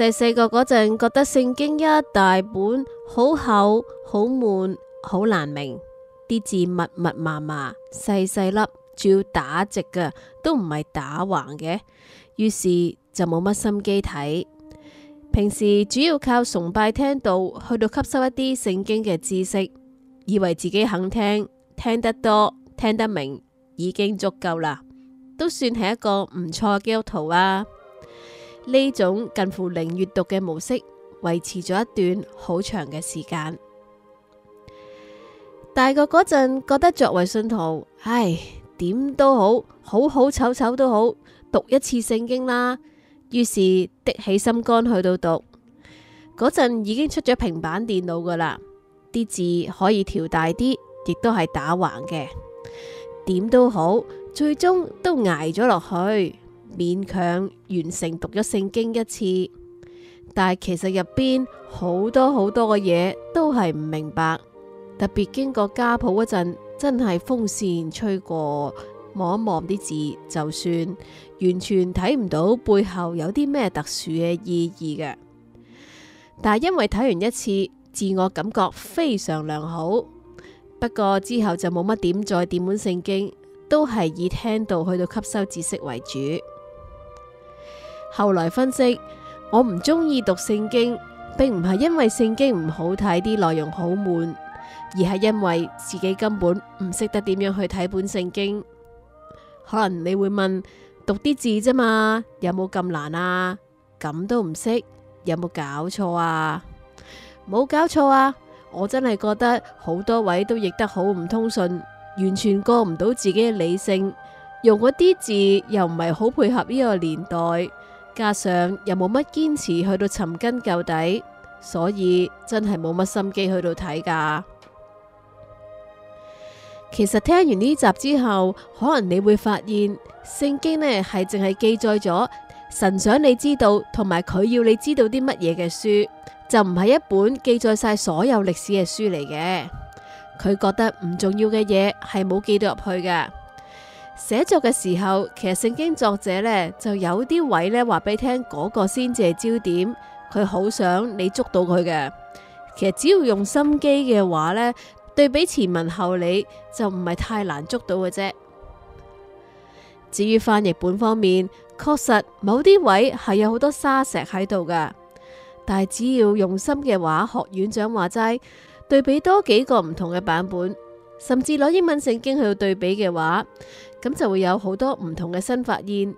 細細個嗰陣，覺得聖經一大本，好厚，好悶，好難明，啲字密密麻麻，細細粒，主要打直嘅，都唔係打橫嘅，於是就冇乜心機睇。平時主要靠崇拜聽道，去到吸收一啲聖經嘅知識，以為自己肯聽，聽得多，聽得明，已經足夠啦，都算係一個唔錯嘅基督徒啊。呢種近乎零閱讀嘅模式維持咗一段好長嘅時間。大個嗰陣覺得作為信徒，唉，點都好，好好丑醜都好，讀一次聖經啦。於是的起心肝去到讀嗰陣，已經出咗平板電腦㗎喇，啲字可以調大啲，亦都係打橫嘅。點都好，最終都捱咗落去。勉強完成讀咗聖經一次，但係其實入邊好多好多嘅嘢都係唔明白。特別經過家譜嗰陣，真係風扇吹過，望一望啲字，就算完全睇唔到背後有啲咩特殊嘅意義嘅。但係因為睇完一次，自我感覺非常良好，不過之後就冇乜點再點滿聖經，都係以聽到去到吸收知識為主。後來分析，我唔中意讀聖經，並唔係因為聖經唔好睇，啲內容好悶，而係因為自己根本唔識得點樣去睇本聖經。可能你會問，讀啲字啫嘛，有冇咁難啊？咁都唔識，有冇搞錯啊？冇搞錯啊！我真係覺得好多位都譯得好唔通順，完全過唔到自己嘅理性，用嗰啲字又唔係好配合呢個年代。加上又冇乜堅持去到尋根究底，所以真係冇乜心機去到睇噶。其實聽完呢集之後，可能你會發現聖經呢係淨係記載咗神想你知道同埋佢要你知道啲乜嘢嘅書，就唔係一本記載晒所有歷史嘅書嚟嘅。佢覺得唔重要嘅嘢係冇記到入去嘅。寫作嘅時候，其實聖經作者呢就有啲位呢話俾你聽，嗰個先至係焦點，佢好想你捉到佢嘅。其實只要用心機嘅話呢，對比前文後理就唔係太難捉到嘅啫。至於翻譯本方面，確實某啲位係有好多沙石喺度噶，但係只要用心嘅話，學院長話齋，對比多幾個唔同嘅版本。甚至攞英文聖經去對比嘅話，咁就會有好多唔同嘅新發現，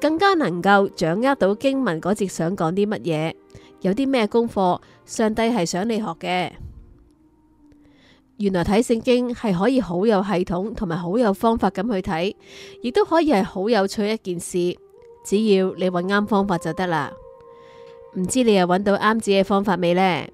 更加能夠掌握到經文嗰節想講啲乜嘢，有啲咩功課，上帝係想你學嘅。原來睇聖經係可以好有系統，同埋好有方法咁去睇，亦都可以係好有趣一件事，只要你揾啱方法就得啦。唔知你又揾到啱自己方法未呢？